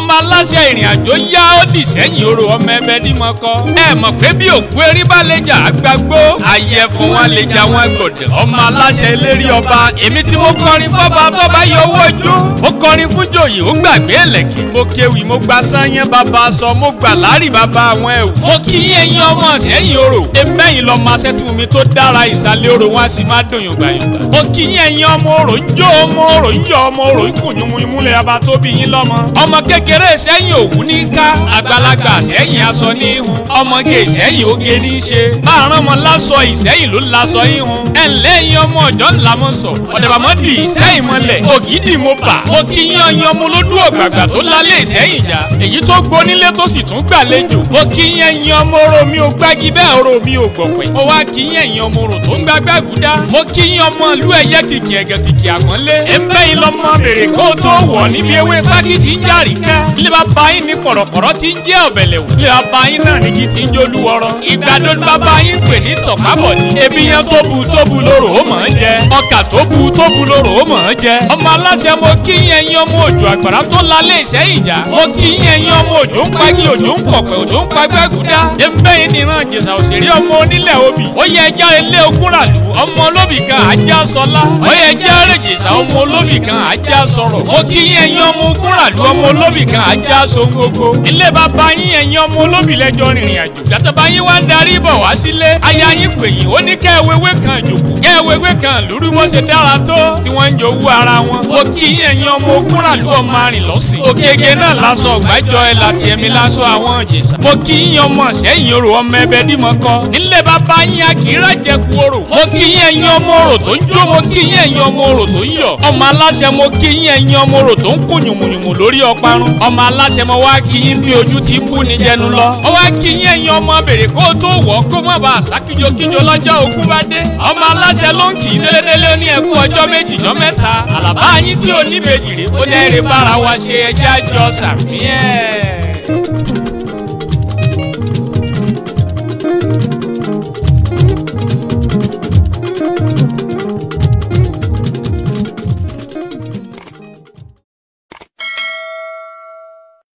ọmọ aláṣẹ ìrìn àjò yá ó dì sẹ́yìn oró ọmọ ẹbẹ dímọ kọ. ẹ mọ̀ pé bí òkú erí bá lè jà àgbàgbó àyẹ̀fọ́ wọn lè jà wọn gbọ̀dẹ̀. ọmọ aláṣẹ eléré ọba èmi tí mo kọrin fọba tọba yọ owó ojú. mo kọrin fún joyè ó gbàgbé ẹlẹ́kẹ̀. mo kéwì mo gba sáyẹn bàbá sọ mo gbà láàrí bàbá àwọn ẹ̀wù. mo kí ẹ̀yin ọmọ sẹ́yìn oró. emẹ́yìn lọ máa ṣẹ́tù mi tó dára ìsàlẹ̀ oró wọn sì máa dùn yùngbà yùngbà. mo kí kékeré sẹ́yìn òwú ní ká àgbàlagbà sẹ́yìn aṣọ ní ihun ọmọge ìsẹ́yìn oge ní í ṣe bá a rán ọmọ lásọ ìsẹ́yìn ló lásọ ihun ẹ̀ lẹ́yìn ọmọ ọjọ́ ńlá mọ̀ sọ ọ̀dàbàmọ́dì ìsẹ́yìn mọ́lẹ̀ ògidì mo bà ó kí yan yan mo lódú ọ̀gbàgbà tó lálé ìsẹ́yìn já èyí tó gbonílé tó sì tún gbàlejò mo mi ò gbági mi ò gbọ̀pẹ̀ ó wá kí yan yan mo rò tó ń gbàgbàgùdá mo kí yan ọmọ ìlú ẹ̀yẹ kìkì ẹ̀gẹ̀ kìkì àpọ́nlé ẹ̀ ilé bàbá yín ní kọ̀rọ̀kọ̀rọ̀ tí ń jẹ́ ọ̀bẹ̀lẹ̀ wò ilé bàbá yín náà nígi tí ń jólú wọ́rọ́ ìgbàdo bàbá yín pè ní tọ̀kábọ̀dì ebi yẹn tó bu tó bu lóró ó mọ̀ ń jẹ ọkà tó bu tó bu lóró ó mọ̀ ọ́ jẹ. ọmọ aláṣẹ mo kí yẹn yín ọmọ òjò àgbàrá tó la lé iṣẹ́ ìjà. mo kí yẹn yín ọmọ òjò ń pagi òjò ń kọ̀pẹ̀ òjò ń pagbẹ́ gúdá. ṣé ń bẹ́yìn nìran jẹ̀sà òṣèré ọmọ onílẹ̀ obì. ó yẹ ẹja ilé okúnràlù ọmọ olóbì kan ajá sọlá. ó yẹ ẹja rèjèsà ọmọ olóbì kan ajá sọ̀rọ̀. mo kí yẹn yín ọmọ okúnràlù ọmọ olóbì kan ajá so gbogbo. ilé bàbá yín yẹn yín ọmọ olóbì lẹ́jọ́ rìnrìn àjò. dàtàbá yín wá ń darí bọ̀ wá sílé. aya yín pè yín ó ní kẹ́ẹ̀wéwé kan ìjòkó kẹ́ẹ̀wéwé kan lórí mọ́ṣẹ́ dára t tó tí wọ́n ń jowú ara wọn. mo kí ẹ̀yin ọmọ ogun ràlú ọmọ arìn lọ́sìn. ògègè náà lásọ ọ̀gbájọ ẹ̀ láti ẹ̀mí lásọ àwọn ìjèṣà. mo kí ẹ̀yin ọmọ sẹ́yìn orò ọmọ ẹbẹ̀ bímọ kọ. nílẹ̀ bàbá yín akínra jẹ ku orò. mo kí ẹ̀yin ọmọ orò tó ń jó mo kí ẹ̀yin ọmọ orò tó ń yọ̀. ọmọ aláṣẹ mo kí ẹ̀yin ọmọ orò tó ń kú yùmùyùmù lórí ọparun. ọmọ aláṣẹ jọ́ méjì jọ́ mẹ́ta àlàbá yín tí ò níbejì rè ó dẹ́rẹ́ bára wa ṣe ẹjẹ́ àjọ sàmí ẹ̀.